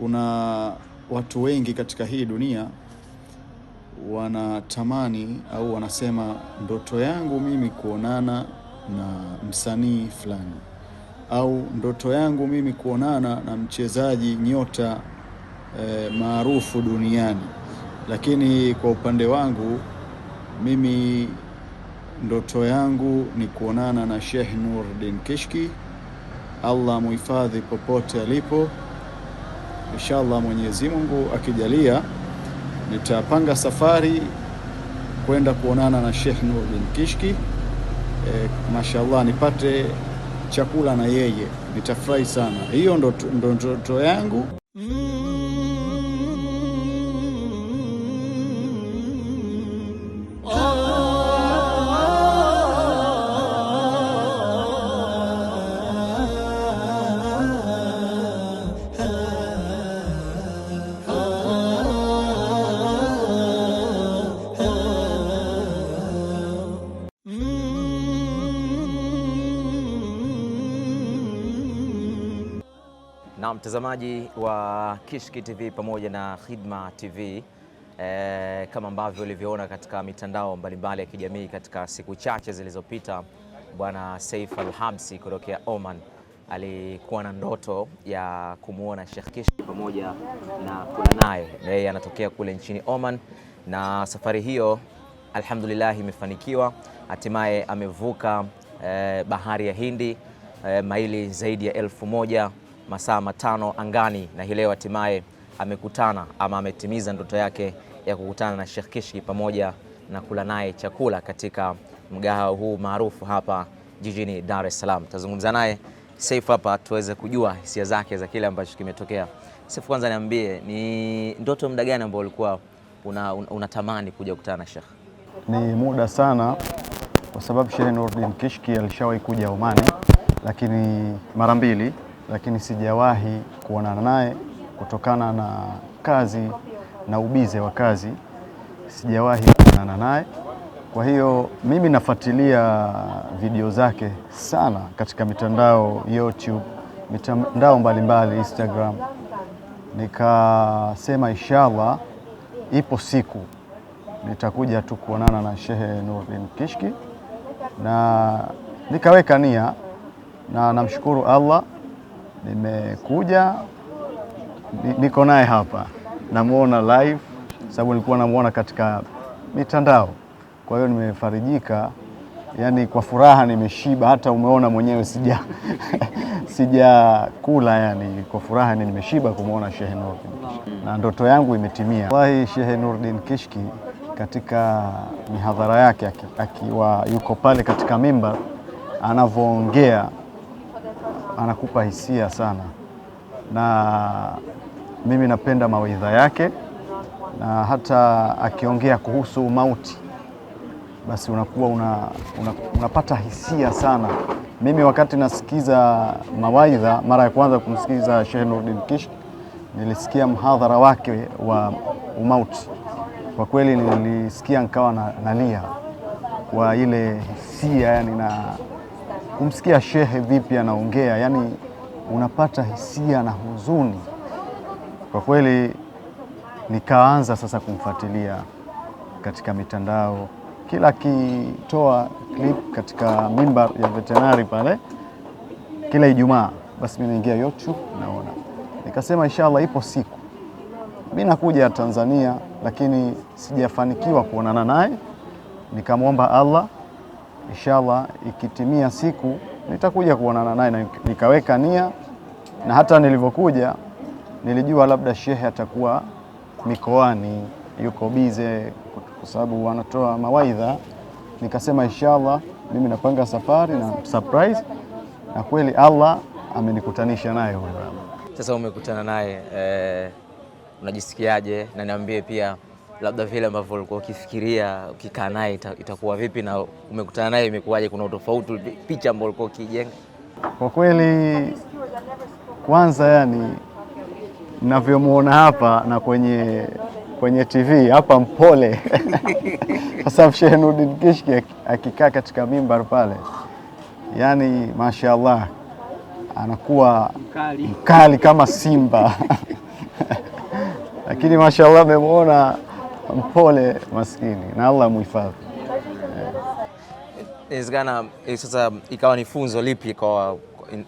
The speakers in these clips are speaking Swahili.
kuna watu wengi katika hii dunia wanatamani au wanasema ndoto yangu mimi kuonana na msanii fulani, au ndoto yangu mimi kuonana na mchezaji nyota e, maarufu duniani. Lakini kwa upande wangu mimi ndoto yangu ni kuonana na Sheikh nurdin Kishki, Allah muhifadhi popote alipo. Inshallah, Mwenyezi Mungu akijalia, nitapanga safari kwenda kuonana na Sheikh Nuruddin Kishki. E, mashallah nipate chakula na yeye, nitafurahi sana. Hiyo ndo ndoto yangu. mtazamaji wa Kishki TV pamoja na Khidma TV e, eh, kama ambavyo ulivyoona katika mitandao mbalimbali ya kijamii katika siku chache zilizopita, bwana saif Al-Habsi kutokea Oman alikuwa na ndoto ya kumwona Sheikh Kishki pamoja na kula naye. Yeye anatokea kule nchini Oman, na safari hiyo alhamdulillah imefanikiwa, hatimaye amevuka e, bahari ya Hindi e, maili zaidi ya elfu moja masaa matano angani na hii leo hatimaye amekutana ama ametimiza ndoto yake ya kukutana na Sheikh Kishki pamoja na kula naye chakula katika mgahawa huu maarufu hapa jijini Dar es Salaam. Tazungumza naye Seif hapa tuweze kujua hisia zake za kile ambacho kimetokea. Seif, kwanza niambie, ni ndoto muda gani ambao ulikuwa unatamani una kuja kukutana na Sheikh? Ni muda sana, kwa sababu Sheikh Nuruddin Kishki alishawahi kuja Omani, lakini mara mbili lakini sijawahi kuonana naye kutokana na kazi na ubize wa kazi, sijawahi kuonana naye. Kwa hiyo mimi nafuatilia video zake sana katika mitandao YouTube, mitandao mbalimbali mbali, Instagram. Nikasema inshallah ipo siku nitakuja tu kuonana na Shehe Nurdin Kishki, na nikaweka nia na namshukuru Allah nimekuja niko naye hapa, namuona live sababu nilikuwa namuona katika mitandao. Kwa hiyo nimefarijika, yani kwa furaha nimeshiba, hata umeona mwenyewe sija sijakula, yani kwa furaha ni nimeshiba kumuona Shehe Nurdin na ndoto yangu imetimia. Wallahi, Shehe Nurdin Kishki katika mihadhara yake akiwa yuko pale katika mimbar anavyoongea anakupa hisia sana, na mimi napenda mawaidha yake, na hata akiongea kuhusu mauti basi unakuwa una, una, unapata hisia sana. Mimi wakati nasikiza mawaidha mara ya kwanza kumsikiza Sheikh Nuruddin Kish, nilisikia mhadhara wake wa umauti. Kwa kweli nilisikia nikawa nalia kwa ile hisia yani na kumsikia shehe vipi anaongea, yani unapata hisia na huzuni kwa kweli. Nikaanza sasa kumfuatilia katika mitandao, kila akitoa clip katika mimbar ya veterinary pale kila Ijumaa, basi mimi naingia YouTube naona, nikasema inshallah ipo siku mimi nakuja Tanzania, lakini sijafanikiwa kuonana naye, nikamwomba Allah inshallah ikitimia siku nitakuja kuonana naye na nikaweka nia, na hata nilivyokuja nilijua labda shehe atakuwa mikoani yuko bize, kwa sababu wanatoa mawaidha. Nikasema inshallah mimi napanga safari na surprise, na kweli Allah amenikutanisha naye huyo. Sasa umekutana naye eh, unajisikiaje? Na niambie pia labda vile ambavyo ulikuwa ukifikiria ukikaa naye itakuwa vipi na umekutana naye imekuwaje? Kuna utofauti picha ambayo ulikuwa ukijenga? Kwa kweli, kwanza yani navyomuona hapa na kwenye kwenye TV hapa mpole kwa sababu Shehnudin Kishki akikaa katika mimbar pale, yani mashaallah anakuwa mkali, mkali kama simba lakini mashaallah amemwona mpole maskini na Allah muhifadhi. Inawezekana sasa ikawa ni funzo lipi kwa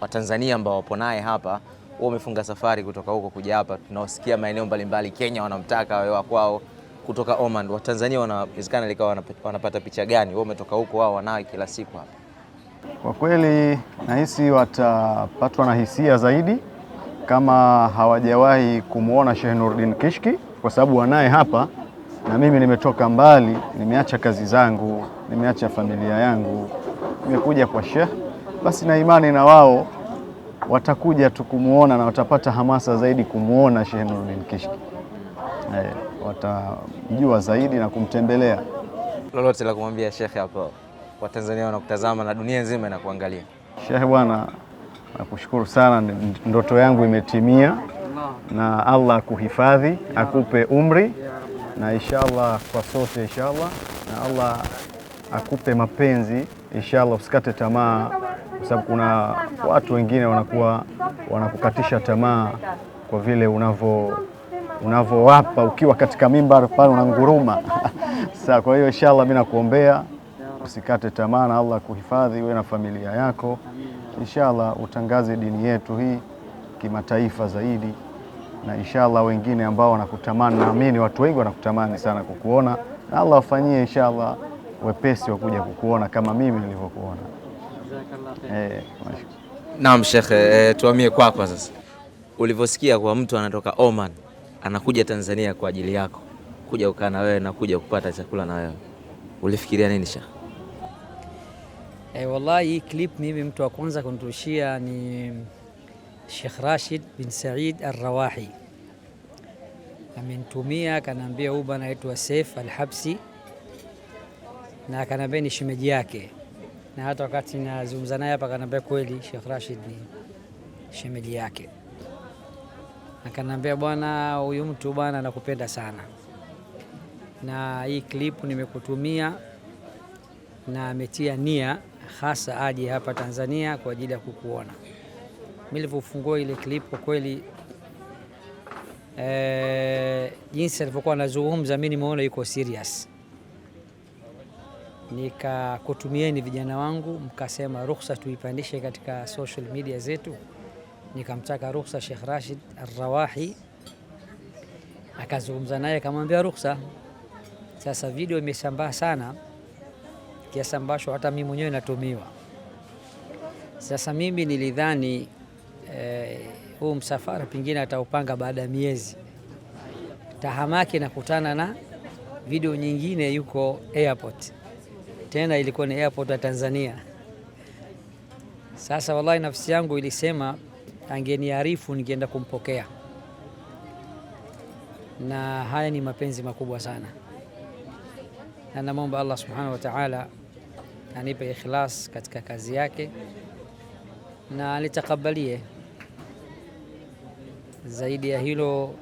Watanzania ambao wapo naye hapa wao wamefunga safari kutoka huko kuja hapa. tunaosikia maeneo mbalimbali Kenya wanamtaka wawe kwao kutoka Oman. Watanzania wanawezekana likawa wanapata picha gani? Wao umetoka huko, wao wanawe kila siku hapa. Kwa kweli nahisi watapatwa na hisia zaidi kama hawajawahi kumwona Sheikh Nuruddin Kishki kwa sababu wanaye hapa na mimi nimetoka mbali, nimeacha kazi zangu, nimeacha familia yangu, nimekuja kwa Sheikh, basi na imani na wao watakuja tu kumuona na watapata hamasa zaidi kumuona Sheikh Nuruddin Kishki, eh, watamjua zaidi na kumtembelea. Lolote la kumwambia Sheikh hapo, Watanzania wanakutazama na dunia nzima inakuangalia. Sheikh bwana, nakushukuru sana, ndoto yangu imetimia na Allah akuhifadhi, akupe umri na inshallah kwa sote inshallah, na Allah akupe mapenzi inshallah, usikate tamaa, kwa sababu kuna watu wengine wanakuwa wanakukatisha tamaa kwa vile unavyo unavyowapa ukiwa katika mimbar pale unanguruma. Sasa kwa hiyo inshallah, mimi nakuombea usikate tamaa, na Allah kuhifadhi wewe na familia yako, inshallah utangaze dini yetu hii kimataifa zaidi na inshallah wengine ambao wanakutamani, naamini watu wengi wanakutamani sana kukuona, na Allah wafanyie inshallah wepesi wa kuja kukuona kama mimi nilivyokuona. Eh, naam shekhe, eh, tuamie kwako sasa, ulivyosikia kwa mtu anatoka Oman anakuja Tanzania kwa ajili yako kuja kukaa na wewe na kuja kupata chakula na wewe, ulifikiria nini shekhe? Eh, wallahi hii clip mimi mtu wa kwanza kunitushia ni Sheikh Rashid bin Said Arrawahi amenitumia akanambia huyu bwana anaitwa Saif Alhabsi na akanaambia ni shemeji yake, na hata wakati nazungumza naye hapa akanaambia kweli Sheikh Rashid ni shemeji yake. Akanaambia, bwana huyu mtu bwana anakupenda sana, na hii klipu nimekutumia na ametia nia hasa aje hapa Tanzania kwa ajili ya kukuona nilivyofungua ile clip kwa kweli eh, jinsi alivyokuwa anazungumza, mimi nimeona yuko serious, nikakutumieni vijana wangu, mkasema ruhusa tuipandishe katika social media zetu. Nikamtaka ruhusa Sheikh Rashid Arrawahi, akazungumza naye akamwambia ruhusa. Sasa video imesambaa sana kiasi ambacho hata mimi mwenyewe natumiwa. Sasa mimi nilidhani huu msafara pengine ataupanga baada ya miezi. Tahamaki nakutana na video nyingine, yuko airport tena, ilikuwa ni airport ya Tanzania. Sasa wallahi, nafsi yangu ilisema angeniarifu ningeenda kumpokea, na haya ni mapenzi makubwa sana, na namwomba Allah subhanahu wa ta'ala anipe ikhlas katika kazi yake na nitakabalie zaidi ya hilo,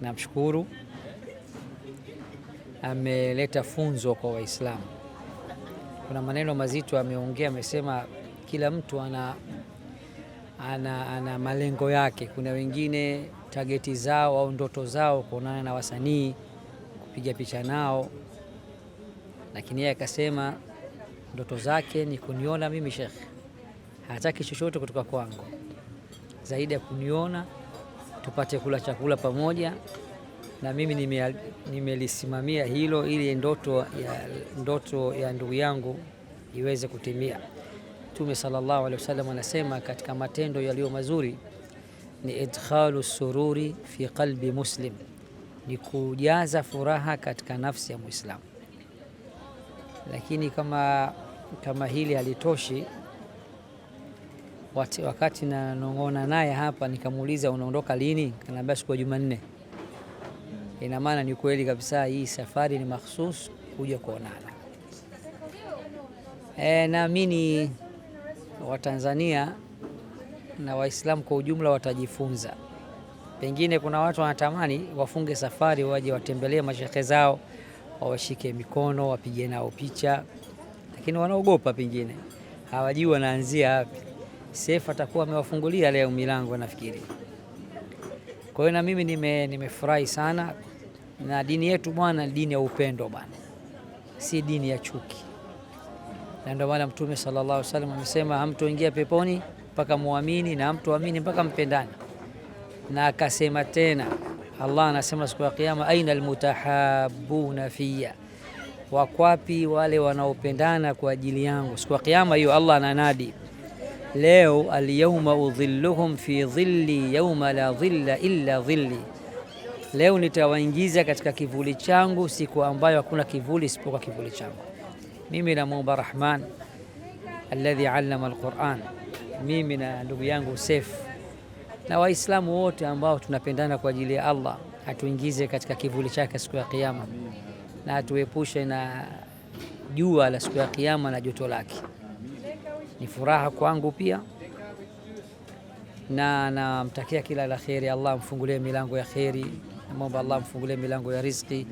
namshukuru ameleta funzo kwa Waislamu. Kuna maneno mazito ameongea, amesema kila mtu ana, ana, ana malengo yake. Kuna wengine tageti zao au ndoto zao kuonana na wasanii kupiga picha nao, lakini yeye akasema ndoto zake ni kuniona mimi shekhe, hataki chochote kutoka kwangu zaidi ya kuniona, tupate kula chakula pamoja. Na mimi nimelisimamia nime hilo ili ndoto ya, ndoto ya ndugu yangu iweze kutimia. Mtume sallallahu alaihi wasallam anasema katika matendo yaliyo mazuri ni idkhalu sururi fi qalbi muslim, ni kujaza furaha katika nafsi ya Muislamu. Lakini kama, kama hili halitoshi wakati nanong'ona naye hapa nikamuuliza unaondoka lini? kanaambia siku ya Jumanne. Ina maana ni kweli kabisa, hii safari ni mahsus kuja kuonana. E, naamini Watanzania na Waislamu kwa ujumla watajifunza. Pengine kuna watu wanatamani wafunge safari waje watembelee mashehe zao wawashike mikono wapige nao picha, lakini wanaogopa, pengine hawajui wanaanzia wapi. Seif atakuwa amewafungulia leo milango nafikiri. Kwa hiyo na mimi nime nimefurahi sana, na dini yetu bwana, dini ya upendo bwana, si dini ya chuki, na ndio maana Mtume sallallahu alaihi wasallam amesema hamtoingia peponi mpaka muamini na hamtoamini mpaka mpendane, na akasema tena, Allah anasema siku ya Kiyama, aina almutahabuna fiya wakwapi wale wanaopendana kwa ajili yangu. Siku ya Kiyama hiyo Allah ananadi leo, alyauma udhilluhum fi dhilli yauma la dhilla illa dhilli, leo nitawaingiza katika kivuli changu siku ambayo hakuna kivuli isipokuwa kivuli changu. Mimi namwomba Rahman alladhi allama alquran, mimi na ndugu yangu Sef na Waislamu wote ambao tunapendana kwa ajili ya Allah atuingize katika kivuli chake siku ya Kiyama na atuepushe na jua la siku ya Kiyama na joto lake ni furaha kwangu pia, na namtakia kila la kheri. Allah amfungulie milango ya kheri, namwomba Allah amfungulie milango ya riziki,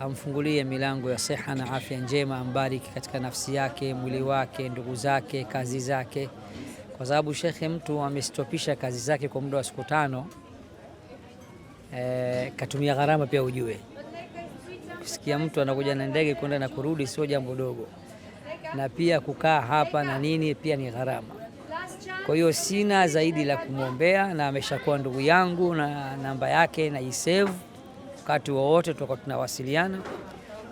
amfungulie milango ya seha na afya njema, ambariki katika nafsi yake, mwili wake, ndugu zake, kazi zake, kwa sababu shekhe, mtu amestopisha kazi zake kwa muda wa siku tano, e, katumia gharama pia, ujue kusikia mtu anakuja na ndege kwenda na kurudi sio jambo dogo na pia kukaa hapa na nini pia ni gharama. Kwa hiyo sina zaidi la kumwombea, na ameshakuwa ndugu yangu na namba yake na isave, wakati wowote tutakuwa tunawasiliana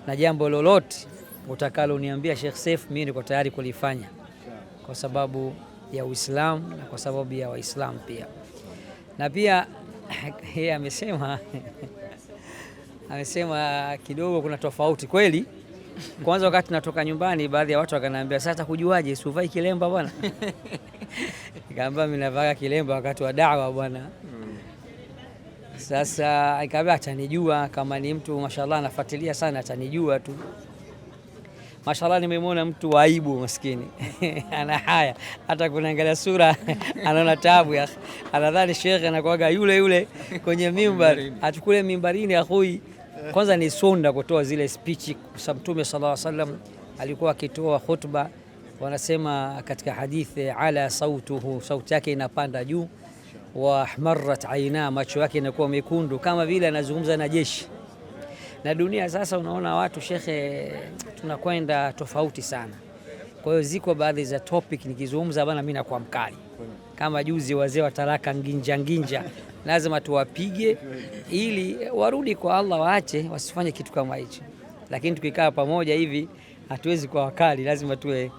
na jambo lolote utakaloniambia Sheikh Saif, mimi niko tayari kulifanya kwa sababu ya Uislamu na kwa sababu ya Waislamu pia. Na pia yeye amesema amesema kidogo kuna tofauti kweli. Kwanza wakati natoka nyumbani, baadhi ya watu wakaniambia, sasa kujuaje suvai kilemba bwana? Nikaambia mimi navaa kilemba wakati wa dawa bwana. Mm. Sasa ikaambia atanijua kama ni mtu mashallah anafuatilia sana, atanijua tu mashallah. Nimemwona mtu wa aibu maskini ana haya, hata kunaangalia sura anaona taabu ya anadhani shekhe anakuaga yule yule kwenye mimbar, achukule mimbarini akhui kwanza ni sunna kutoa zile spichi, kwa Mtume sallallahu alaihi wasallam alikuwa akitoa khutba, wanasema katika hadithi, ala sautuhu, sauti yake inapanda juu, wa ahmarat aina, macho yake inakuwa mekundu, kama vile anazungumza na jeshi na dunia. Sasa unaona watu shekhe, tunakwenda tofauti sana. Kwa hiyo ziko baadhi za topic nikizungumza bana, mimi nakuwa mkali kama juzi wazee wa talaka nginja nginja lazima tuwapige ili warudi kwa Allah, waache wasifanye kitu kama hicho. Lakini tukikaa pamoja hivi hatuwezi kuwa wakali, lazima tuwe,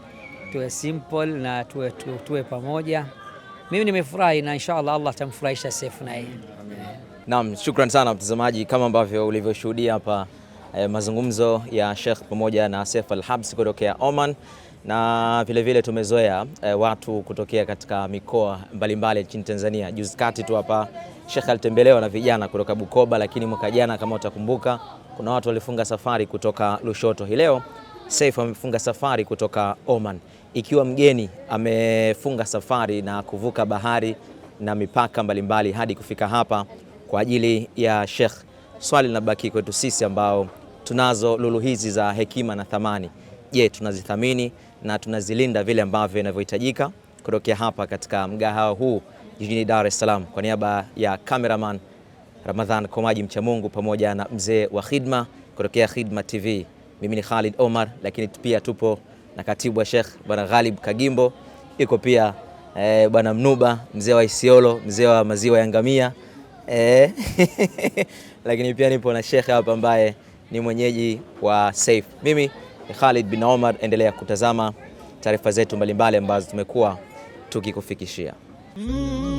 tuwe simple na tuwe, tuwe, tuwe pamoja. Mimi nimefurahi na inshallah Allah atamfurahisha Sefu na yeye. Naam, shukran sana mtazamaji, kama ambavyo ulivyoshuhudia hapa eh, mazungumzo ya Sheikh pamoja na sefu al habs kutokea Oman na vilevile tumezoea eh, watu kutokea katika mikoa mbalimbali nchini Tanzania. Juzi kati tu hapa Sheikh alitembelewa na vijana kutoka Bukoba, lakini mwaka jana kama utakumbuka, kuna watu walifunga safari kutoka Lushoto. Hii leo Seif amefunga safari kutoka Oman, ikiwa mgeni amefunga safari na kuvuka bahari na mipaka mbalimbali hadi kufika hapa kwa ajili ya Sheikh. Swali linabaki kwetu sisi ambao tunazo lulu hizi za hekima na thamani. Je, tunazithamini na tunazilinda vile ambavyo inavyohitajika kutokea hapa katika mgahawa huu jijini Dar es Salaam. Kwa niaba ya cameraman Ramadhan Komaji Mchamungu pamoja na mzee wa Khidma kutokea Khidma TV, mimi ni Khalid Omar, lakini pia tupo na katibu wa Sheikh Bwana Ghalib Kagimbo, iko pia eh, Bwana Mnuba mzee wa Isiolo, mzee wa maziwa ya ngamia eh, lakini pia nipo na Sheikh hapa ambaye ni mwenyeji wa Safe. Mimi ni Khalid bin Omar, endelea kutazama taarifa zetu mbalimbali ambazo tumekuwa tukikufikishia. Mm.